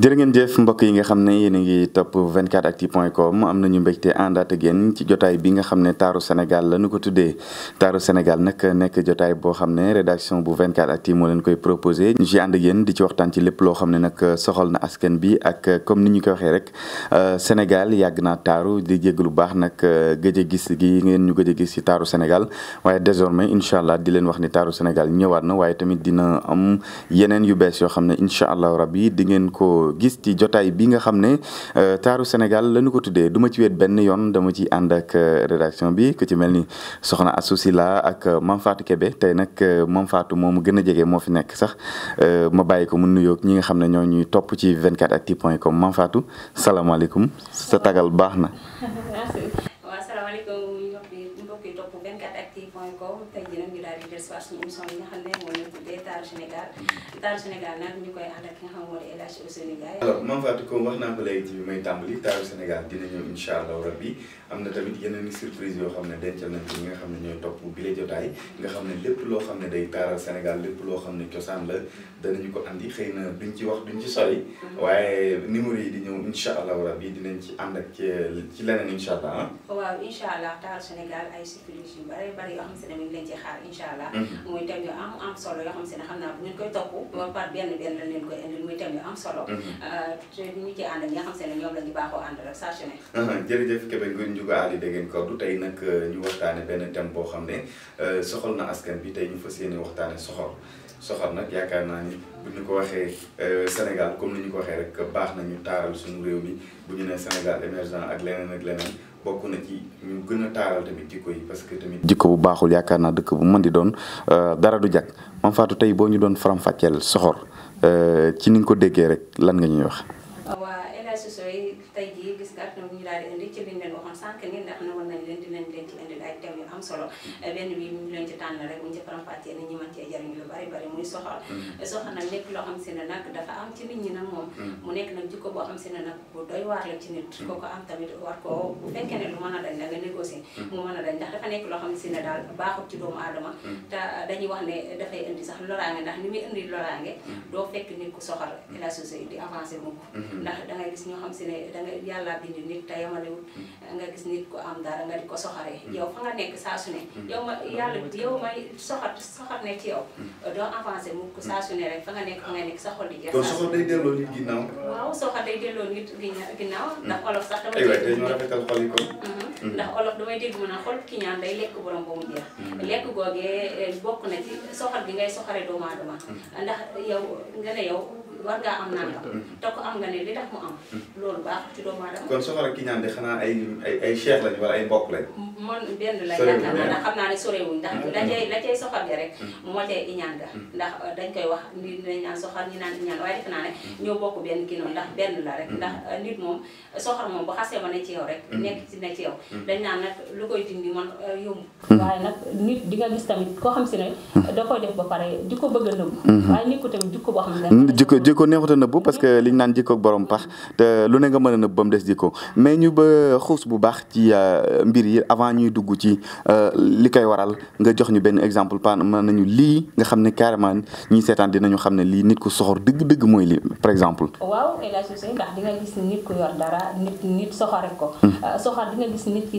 jërë ngeen jëf mbokk yi nga xam ne yéen a ngi topp 24actu point com am nañu mbégte àndaat ak yéen ci jotaay bi nga xam ne taaru Sénégal la nu ko tuddee taaru Sénégal nag nekk jotaay boo xam ne rédaction bu 24actu moo leen koy proposé ñu ci di ci waxtaan ci lépp loo xam ne nag soxal na askan bi ak comme ni ñu ko waxee rek euh, Sénégal yàgg naa taaru di jégg baax nag euh, gëj a gis gi ngeen ñu gëj a gis ci taaru Sénégal waaye désormais incha allah di leen wax ni taaru Sénégal ñëwaat na waaye tamit dina am yeneen yu bees yoo xam ne incha allah rabbi di ngeen ko gis ci jotaay bi nga xam ne euh, taaru Sénégal lañu ko tuddee duma ci wet benn yoon dama ci ànd ak euh, rédaction bi ku ci mel ni soxna Assouci la ak euh, Mame Fatou Kébé tey nag Mame Fatou moomu gën a jege moo fi nekk sax ma bàyyi ko mu nuyoo ñi nga xam ne ñoo ñuy topp ci vingt 24actu.com Mame Fatou salaamaaleykum sa tagal baax na. dellusiwaat suñu émission yi nga xam ne moo leen tuddee taaru Sénégal taaru Sénégal ñu koy ànd wax naa ko léegi ci bi may tàmbali taaru Sénégal dina ñëw incha allah am na tamit yeneen surprise yoo xam ne dencal nañ nga xam ne ñooy topp bile jotaay nga xam ne lépp loo xam ne day taaral Sénégal lépp loo xam ne cosaan la danañu ko andi xëy na duñ ci wax duñ ci sori mm-hmm. waaye numéro ñëw incha allah dinañ ci ànd ak ci leneen incha ah. waaw incha allah taaru Sénégal ay surprise yu bari bari yoo xam ne mi ngi leen ci xaar incha allah Mhm. muy thème yu am am solo yoo xam si ne xam naa bu ngeen koy topp par benn benn la leen koy indil muy thème yu am solo mhm. euh, te ñu ci ànd ak ñi xam si ne ñoom la ñu ànd rek saa su ne jërëjëf Kébé Ngor Ndiouga Ali da du tey nag euh, ñu waxtaane benn thème boo xam ne euh, soxal na askan bi tey ñu fas yéene waxtaane soxal soxal nag yaakaar naa ni bu ñu ko waxee euh, Sénégal comme ni ñu ko waxee rek baax na ñu taaral suñu réew mi bu ñu nee Sénégal émergent ak leneen ak leneen bokk na ci ñu gën a taaral tamit jikko yi parce que tamit. jikko bu baaxul yaakaar naa dëkk bu mën di doon euh, dara du jag Mame Fatou tey boo ñu doon faram-fàcceel soxor euh, ci ni nga ko déggee rek lan nga ñuy wax. solo mm-hmm. eh, benn bi ñu leen ci tànn rek buñu ci faram-fàccee na ñi mën cee jariñ lu bari bari muy soxal mm-hmm. eh, soxal nag nekk loo xam si ne nag dafa am ci nit ñi nag moom mm-hmm. mu nekk boo xam si ne nag bu doy waar la ci nit kooku am tamit war koo bu fekkee ne lu mën la nga négocier mu a loo xam si ne daal baaxut ci doomu aadama te eh, dañuy wax ne dafay indi sax loraange ndax ni muy indi loraange doo fekk nit ku soxal la société di avancé mukk ndax dangay gis ñoo xam si ne danga yàlla bind nit te yamalewut nga gis nit ko am dara nga di ko soxaree yow fa nga nekk saa su ne mm-hmm. yow ma mm-hmm. yàlla mm-hmm. yow may soxor soxor ne ci yow doo avancé mu sa xol di jeex kon soxor day delloo nit ginnaaw waaw soxor day delloo nit ginnaaw ndax olof sax damay dégg rafetal xol yi kon ndax olof damay eh, ngay soxore doomu aadama ndax yow nga ne yow war ngaa am nangam. te ko am nga ne li tax mu am. loolu baaxul ci doomu aadama. kon soxor ak ki ñaan xanaa ay ay ay cheikh ay mbokk lañu. moom benn la yaakaar naa xam naa ne sorewuñ ndax hmm. hmm. hmm. euh, dañ koy wax nit nañ naan soxal naan iñaan la rek ndax euh, nit moom euh, soxal moom bu xasee ma ne ci rek nekk ci ne ci dañ naan lu koy dindi man yomb waaye nit di gis tamit koo xam si ne da koy def ba pare di ko bëgg a nëbb waaye nit ko tamit jikko boo xam ne jikko jikko neexut a nëbb parce que liñ naan jikko borom pax te lu ne nga mën a nëbb ba mu des jikko mais ñu ba xuus bu baax ci mbir yi avant avant ñuy dugg ci euh, li koy waral nga jox ñu benn exemple pan mën nañu lii nga xam ne carrément ñiy seetaan dinañu xam ne lii nit ku soxor dëgg-dëgg mooy lii par exemple. waaw El Hadj Ousseynou ndax gis nit nit nit soxore hmm. euh, ki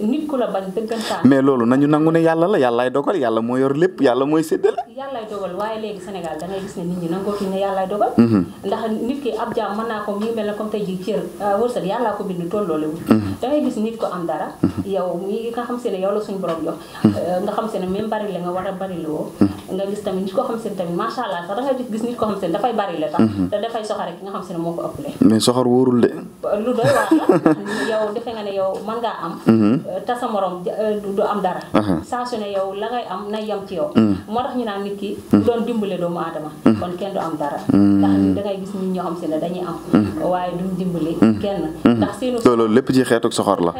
ne hmm. euh, loolu nañu nangu yàlla la yàllaay dogal yàlla moo yor lépp yàlla mooy séddale. yàllaay dogal waaye léegi Sénégal da gis ne nit ñi nangootuñ ne yàllaay dogal. Hmm. ndax nit ki ab jaam mën naa ko mel ne comme tey jii cër euh, wërsëg yàllaa ko bind mhm. da ngay gis ko am dara mhm. yow xam se ne yow la suñu borom mhm. euh, xam se ne même bari la nga war a bari la woo nga gis tamit nit ko xam se ne tamit la tax te dafay soxare nga xam se ne moo ko ëppale mais soxor wóorul de la yow defe nga ne yow mën ngaa euh, sa yow la ngay am na yem ci yow moo tax ñu naan nit ki doon dimbale doomu aadama kon kenn du am dara ndax da ngay gis nit ñoo xam se ne dañuy am waaye duñ dimbali mm-hmm. kenn mm-hmm. ndax seenu loolu lépp ci xeetu soxor la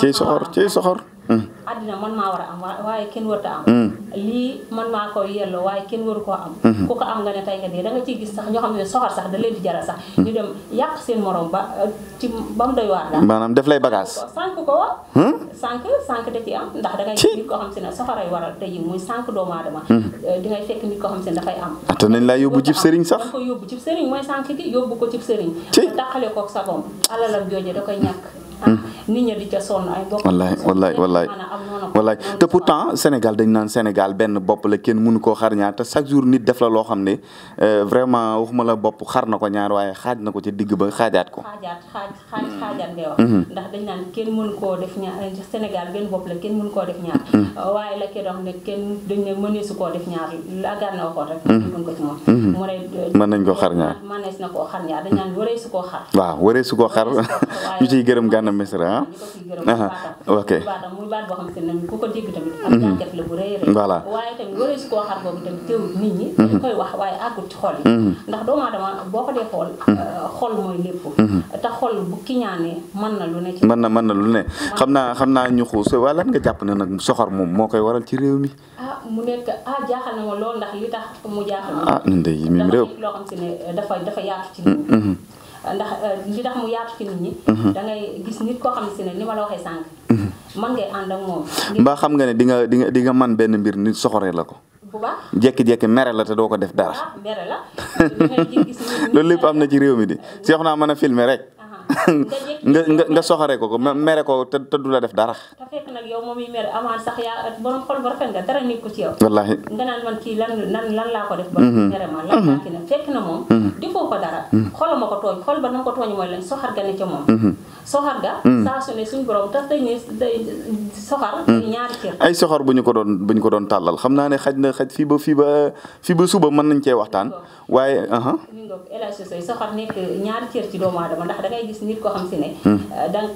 ciy soxor ciy soxor àddina man ma war a am waaye kenn warut a am. Mm. lii man maa koy yelloo waaye kenn waru koo am. Mm-hmm. ku ko am nga ne tey nga dee da nga ciy gis sax ñoo xam ne soxor sax da leen di jaral sax. Mm-hmm. ñu seen morom ba euh, ci ba mu doy waar daal. maanaam def lay bagage. sànq ko wa. Hmm? sànq sànq da ci am ndax da ngay gis nit koo xam si ne soxoray waral tey muy sànq doomu aadama. Mm-hmm. Euh, di ngay fekk nit koo xam si ne dafay am. Ah, te nañ laa yóbbu sëriñ sax da ko yóbbu cib sëriñ mooy sànq gi yóbbu ko cib sëriñ. ci dàqale koog sa boom alalam jooje da nit ñi di ca wallaay te temps Sénégal dañ naan Sénégal benn bopp la kenn mënu koo xar ñaar te nit def la loo xam ne euh, vraiment waxuma la bopp xar na ko ñaar waaye xaaj na ko ci ba xaajaat ko. xaajaat xaaj xaaj xaajaat ngay mhm. euh, la kenn mënu koo def ñaar. Mhm. Euh, waaye la kii mhm. ko mu xar ñu ciy gërëm Gana Messere ah. Mm-hmm. Mm-hmm. nii mm-hmm. ko dégg tamit. voilà xam mën na mën na lu ne xam naa xam naa ñu xuus waa lan nga jàpp ne moom moo koy waral ci réew mi. ah mu ah, jaaxal na ma lool ndax li tax mu jaaxal ma. ah ñun yi euh, euh, tax mu yaatu ci nit ñi. da gis nit koo xam si ne ni ma la waxee man mbaa xam nga ne dinga nga di man benn mbir nit soxoree la ko. bu baax jékki-jékki mere la te doo ko def dara. Ah, mere la. loolu lépp am na ci réew mi di. seex naa mën a filme rek. nga nga nga ko ko mere ko te te du la def dara. te fekk nag yow moom yi mere amaan sax yaa borom xol ba rafet nga dara nit ko ci yow. wallaahi nga naan man kii lan laa ko def. ba mhm. mere ma lan laa mhm. mhm. ko dara. ba na ko tooñ mooy lan soxar ga ne ca moom. soxar ga. saa su ne suñu borom tax ko doon bu ko doon tàllal xam naa ne xaj na xaj fii ba fii ba suba mën nañ cee waxtaan waaye. ñu ko El Hadj nekk ñaari cër ci doomu aadama ndax dangay gis nit hmm. euh,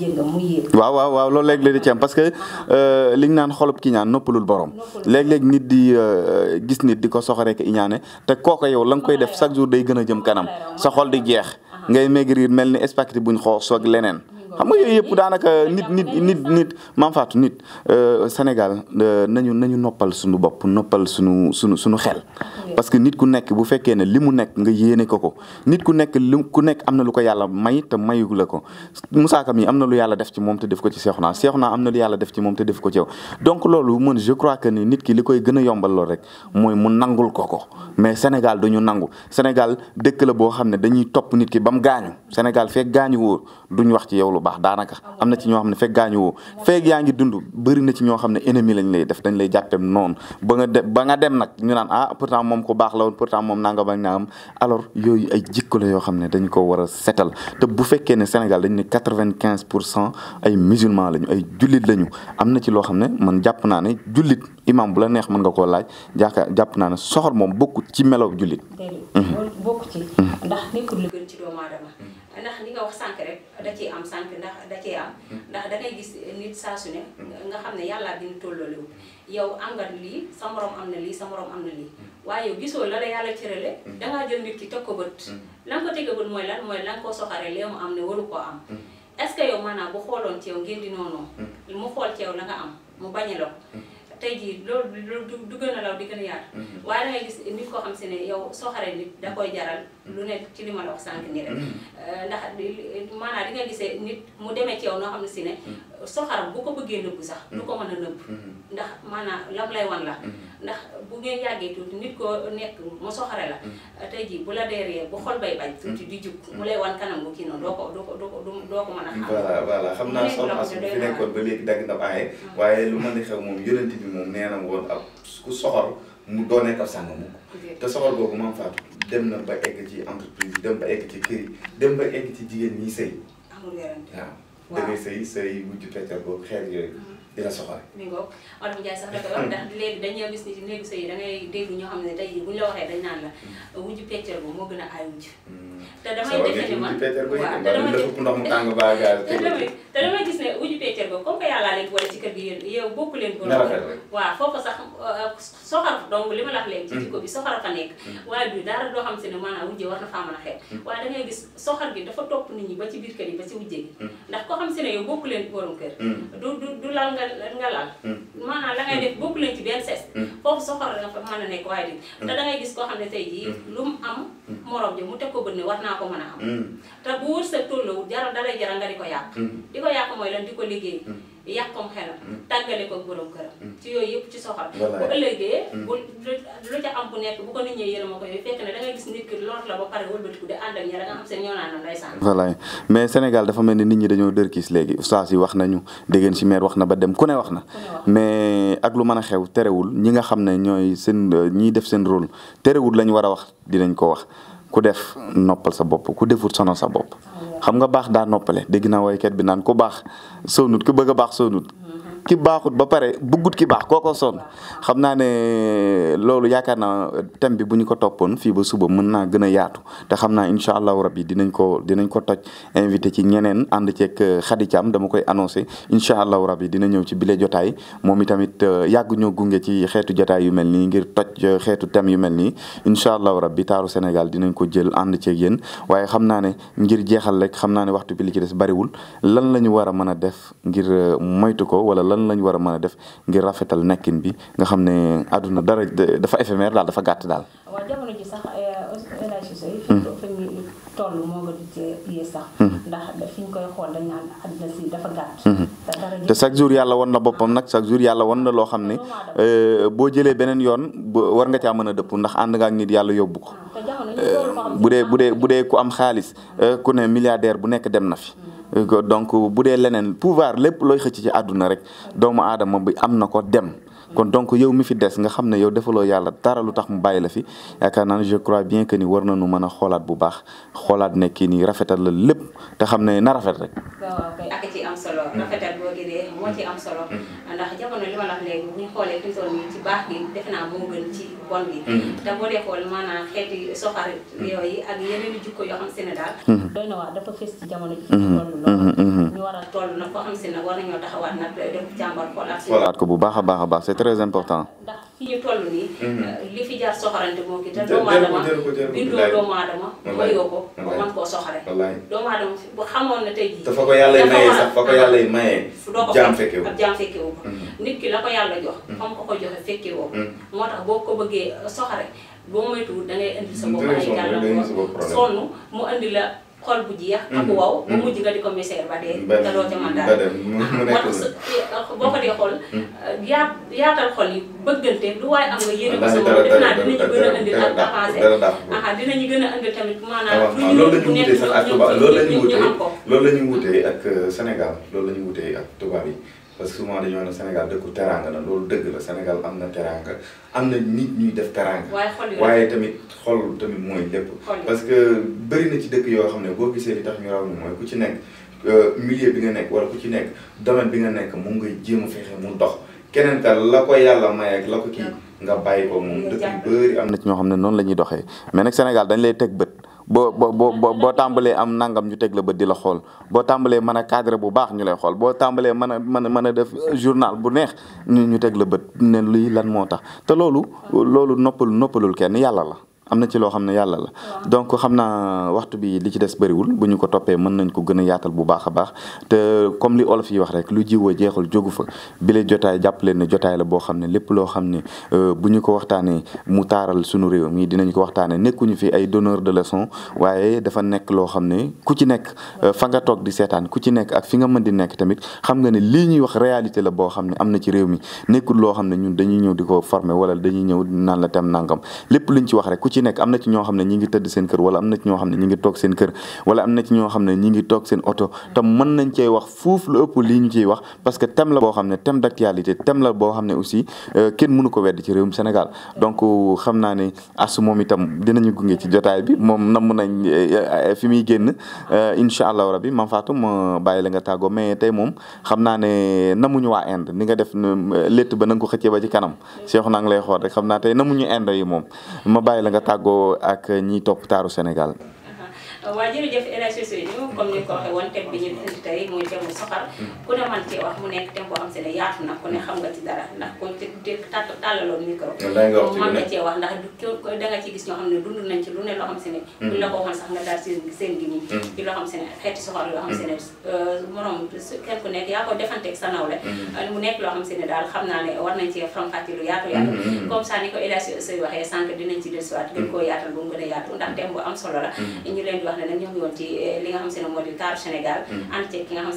hmm. waaw waaw lool loolu léeg cem parce que euh, liñ naan xolub ki ñaan noppalul borom. léeg-léeg nit di euh, gis nit di ko soxare ko iñaane te kooka yow la nga koy def chaque jour day gën a jëm kanam sa xol di jeex ngay maigrir mel ni espagnol buñ xoo soog leneen. Hmm. xam nga yëpp daanaka nit nit nit nit maam Fatou nit euh, Sénégal euh, nañu nañu noppal sunu bopp noppal suñu suñu suñu xel. parce que nit ku nekk bu fekkee ne li mu nekk nga yéene ko ko nit ku nekk li ku nekk am na lu ko yàlla may te mayu ko Moussa Ka mi am na lu yàlla def ci moom te def ko ci Cheikhouna Cheikhouna am na lu yàlla def ci moom te def ko ci yow donc loolu mën je crois que ni nit ki li koy gën a yombal lool rek mooy mu nangul ko ko mais Sénégal duñu nangu Sénégal dëkk la boo xam ne dañuy topp nit ki ba mu gaañu Sénégal fekk gaañu wóor wax ci yow baax daanaka am na ci ñoo xam ne fekk gaañu woo fekk yaa ngi dund bëri na ci ñoo xam ne ennemi lañ lay def dañ lay jàppeem noonu ba nga dem ba nga dem nag ñu naan ah pourtant moom ko baax la woon pourtant moom nangam ak nangam alors yooyu ay jikko la yoo xam ne dañ ko war a setal te bu fekkee ne Sénégal dañ ne quatre-vingt-quinze pour cent ay musulmans lañu ay jullit lañu am na ci loo xam ne man jàpp naa ne jullit imam bu la neex mën nga koo laaj jaaka jàpp naa ne soxor moom bokkut ci melow jullit. ndax li nga wax sànq rek da ciy am sànq ndax da ciy am hmm. ndax da gis nit saa ne hmm. nga xam ne yàllaa bi ñu tollooliwu hmm. yow am nga lii sa morom am na lii sa morom am na lii waaye gisoo la la yàlla le dangaa jël nit ki teg ko bët lan nga ko tege bët mooy lan mooy lan nga ko soxare lee mu am ne waru koo am est-ce yow maanaam bu xooloon ci yow ngeen di noonu mu xool ci yow la nga am mu bañe la tey jii loolu loolu du gën a law di gën a yaatu. Mm-hmm. waaye da si ne yow soo xaree nit koy jaral mm-hmm. lu nekk ci li ma la wax sànq nii rek. Mm-hmm. Euh, di nga gisee nit mu demee ci yow noo xam ne si ne. soxaram bu ko bëggee nëbbu sax. du ko mën a nëbbu. ndax maanaam lam lay wan la. ndax bu ngeen yàggee tuuti nit ko nekk mu soxare la. tey jii bu la deeree bu xol bay bañ. tuuti mu lay wan kanam bu kii noonu doo ko doo ko doo a. xam dagg na baaye waaye lu mën di xew moom yonent bi moom nee na woon ak ku soxor mu doonee ab sàng mu te soxor boobu maam Fatou dem na ba egg ci entreprise dem ba egg ci kër yi dem ba egg ci jigéen ñi sëy waaw da ngay sëy sëy wujju peccal boobu xeet mm-hmm. soxore mi ngoog Olof Njaay sax dégg ñoo xam ne tey buñ la waxee dañ naan la wujju mm-hmm. peccal boobu moo gën a aay wujj mm-hmm. te damay defe ne man waaw te damay te damay gis nekkee kër googu comme que yàllaa leen boole ci kër gi yow bokku leen ko waaw foofu sax euh, soxar donc li ma la wax léegi ci mm. jikko bi soxar a fa nekk mm. waaye bi dara doo xam si ne maanaam wujje war a mm. da ngay gis soxar bi dafa topp nit ñi ba ci biir kër yi ba ci wujje gi ndax koo xam si ne yow bokku leen borom kër du du lal nga lal maanaam la ngay def bokku leen ci benn ses foofu soxar nga fa mën a nekk waaye di te da ngay gis koo xam ne tey lu am morom ji mu teg ko bët ne war naa ko mën a am mm. te bu wërsëg tolluwul jaral dalay jaral nga di ko yàq mm. di ko yàq mooy lan di mm. seen ñoo naan ndeysaan mais Sénégal dafa mel ni nit ñi dañoo dërkiis léegi ustaas yi wax nañu déggeen si maire wax na ba dem ku ne wax na mais ak lu mën a xew terewul ñi nga xam ne ñooy seen ñiy def seen rôle terewul lañu war a wax dinañ ko wax ku def noppal sa bopp ku defut sonal sa bopp xam nga baax da noppale dégg na waykat bi naan ku baax soo nut ku bëgg a baax soo ki baaxut ba pare buggut ki baax kooko sonn xam naa ne loolu yaakaar na thème bi bu ñu ko toppoon fii ba suba mën naa gën a yaatu te xam naa incha allahu rabbi dinañ ko dinañ ko toj invité ci ñeneen ànd ceeg euh, Khady Thiam dama koy annoncé incha allahu rabbi dina ñëw ci bile jotaay moom itamit euh, yàgg ñoo gunge ci xeetu jotaay yu mel nii ngir toj euh, xeetu thème yu mel nii incha allahu rabbi taaru Sénégal dinañ ko jël ànd ceeg yéen waaye xam naa ne ngir jeexal rek xam naa ne waxtu bi li ci des bariwul lan la ñu war a mën a def ngir moytu ko wala lan lañ war a mën a def ngir rafetal nekkin bi nga xam ne àdduna dara dafa éphémère daal dafa gàtt daal. waaw jamono te chaque jour yàlla won na boppam nag chaque jour yàlla won na loo xam ne ah, eh, boo jëlee beneen yoon war nga caa mën a dëpp ndax ànd nga ak nit yàlla yóbbu ko. Ah, eh, bu dee bu dee bu dee ku am xaalis eh, ku ne milliardaire bu nekk dem na fi. Hmm. donc bu dee leneen pouvoir lépp looy xëcc ci àdduna rek doomu aadama bi am na ko dem kon donc yow mi fi des nga xam ne yow defaloo yàlla dara lu tax mu bàyyi la fi yaakaar naa ne je crois bien que ni war nañu mën a xoolaat bu baax xoolaat ne kii nii rafetal la lépp te xam ne na rafet rek. ndax jamono li ma la wax léegi xoolee fi toll nii ci baax gi defe naa moo gën ci bon gi mm-hmm. te boo dee xool maanaam xeeti soxar mm-hmm. yooyu ak yeneen i yoo xam si ne daal mm-hmm. doy na waar dafa fës ci jamono ji toll lool ñu war a toll nag koo xam si ne war nañoo taxawaat nag def jàmbar xoolaat ko bu baax a baax a baax c'est très important fi ñu toll nii. Mhm. Euh, li fi jar soxorante moo ki te doomu aadama bindoo doomu aadama mayoo ko ba mën koo soxore doomu aadama bu xamoon na tey jii te ko yàlla mayee sax fa ko yàlla mayee doo ko jaam fekkewu ak ko mhm. nit ki la ko yàlla jox xam mhm. ko ko joxe fekkewoo moo tax boo ko bëggee soxore boo moytuwul da ngay indi sa bopp ay gàllankoor sonn mu indi la xol bu jeex mm-hmm. ak wow bu mm-hmm. mujj nga di ko misère ba dee te doo ca mën dara moo ah, eh, tax dee xool mm-hmm. yaatal xol yi bëggante lu waaye am nga yéene ko sa moom def naa dinañu gën a indi ak avancé aha dinañu gën a indi ñu bu nekk ñoom ñoom ñoom loolu la ñu wutee ak euh, Sénégal loolu la ñu wutee ak tubaab yi parce que souvent dañoo ne Sénégal dëkku teraanga la loolu dëgg la Sénégal am na teraanga am na nit ñuy def teraanga. waaye tamit xol tamit mooy lépp. parce que bëri na ci dëkk yoo xam ne boo gisee li tax ñu raw ñu mooy ku ci nekk euh, milieu bi nga nekk wala ku ci nekk domaine bi nga nekk moom ngay jéem a fexe mu dox keneen ka la ko yàlla may ak la ko kii nga bàyyi ko moom dëkk yu bëri am na ci ñoo xam ne noonu la ñuy doxee mais nag Sénégal dañ lay teg bët. boo boo boo boo tàmbalee am nangam ñu teg la bët di la xool boo tàmbalee mën a cadre bu baax ñu lay xool boo tàmbalee mën a mën a mën a def journal bu neex ñu ñu teg la bët ne luy lan moo tax te loolu loolu noppal noppalul kenn yàlla la am na ci loo xam ne yàlla la donc xam naa waxtu bi li ci des bariwul bu ñu ko toppee mën nañ ko gën a yaatal bu baax a baax te comme li olof yi wax rek lu jiwoo jeexul jógu fa bi la jotaay jàpp leen ne jotaay la boo xam ne lépp loo xam ne euh, bu ñu ko waxtaanee mu taaral sunu réew mi dinañ ko waxtaanee nekkuñu fi ay donneur de leçon waaye dafa nekk loo xam ne ku ci nekk euh, fa di seetaan ku ci nekk ak fi nga mën di nekk tamit xam nga ne lii ñuy wax réalité la boo xam ne am na ci réew mi nekkul loo xam ne ñun dañuy ñëw di ko former wala dañuy ñëw naan la tam nangam lépp luñ ci wax rek ku ci nekk am na ci ñoo xam ne ñi ngi tëdd seen kër wala am na ci ñoo xam ne ñi ngi toog seen kër wala am na ci ñoo xam ne ñi ngi toog seen oto te mën nañ cey wax fuuf la ëpp lii ñu ciy wax parce que thème la boo xam ne thème d'actualité thème la boo xam ne aussi euh, kenn mënu ko wedd ci réewum Sénégal donc xam naa ne asu moom itam dinañu gunge ci jotaay bi moom namm nañ euh, fi muy génn euh, incha allah rabi mam Fatou ma bàyyi la nga tàggoo mais tey moom xam naa ne namuñu waa Inde ni nga def létt ba na nga ko xëccee ba kanam Cheikh naa lay xool rek xam naa tey namuñu Inde yi moom ma bàyyi la nga tàggoo ak ñii topp taaru Sénégal. waa jërëjëf El Hadj Cissé ñu comme ni ko waxee woon thème bi ñu indi tey muy thème mu soxal mm. ku ne man ci wax mu nekk thème boo xam se yaatu na ku ne xam nga ci dara ndax ku ci tàtt tàllaloon micro mën nga cee wax ndax du da nga ci gis ñoo xam ne nañ ci lu ne loo se ne mm. buñ la ko waxoon sax nga daal seen seen mm. euh, sa nawle euh, mu nekk loo xam se ne daal xam naa ne war nañ cee faram-fàcce lu yaatu yaatu comme ça ni ko El Hadj waxee sànq dinañ ci dellusiwaat gën koo yaatal bu mu gën a yaatu ndax thème bu am solo la ñu leen di wax wax ne nag ñoo ngi woon ci eh, li nga xam se ne moo di taaru Sénégal mm-hmm. ànd ci ki nga xam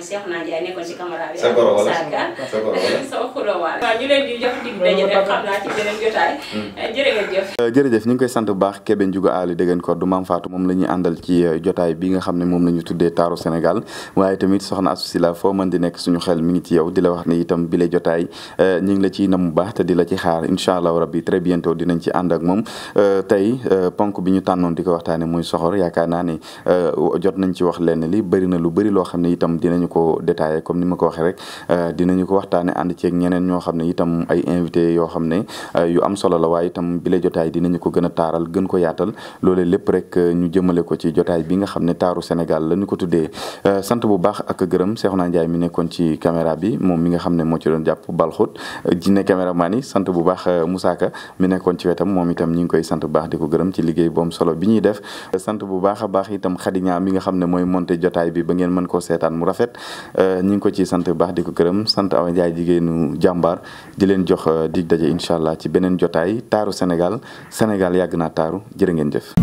ci caméra bi Sarka xam naa mm-hmm. eh, jëf eh, jërëjëf koy sant baax Kébé Ndiouga Ali dëggeen koor du Maam moom la ñuy àndal ci jotaay bi nga xam ne moom la ñu tuddee taaru Sénégal waaye tamit soxna Astou foo man di nekk suñu xel mi ngi ci yow di la wax ne itam bi la jotaay ñu ngi la ciy nam bu baax te di la ci xaar incha allah rabbi très dinañ ci àndak moom euh, tey euh, ponk bi ñu tànnoon di ko waxtaane muy soxor yaakaar naa ni euh, jot nañ ci wax lenn li bëri na lu bëri loo xam ne itam dinañu ko détaillé comme ni ma ko waxee rek dinañu ko waxtaane ànd ceeg ñeneen ñoo xam ne itam ay invité yoo xam ne yu am solo la waaye itam bi la jotaay dinañu ko gën a taaral gën ko yaatal loole lépp rek ñu jëmale ko ci jotaay bi nga xam ne taaru Sénégal la ñu ko tuddee sant bu baax ak gërëm Cheikhouna Ndiaye mi nekkoon ci caméra bi moom mi ne moo ci doon jàpp balxut jinne caméraman yi sant bu baax Moussa Ka mi nekkoon ci wetam moom itam ñi ngi koy bu baax di ko gërëm ci liggéey bu solo bi ñuy def sant bu baax baax itam xadiñaa mi nga xam ne mooy monté jotaay bi ba ngeen mën koo seetaan mu rafet euh, ñi ngi ko ciy sant baax di ko gërëm sant Awa Ndiaye jigéenu jàmbaar di leen jox euh, di daje incha ci beneen jotaay taaru Sénégal Sénégal yàgg naa taaru jërë ngeen jëf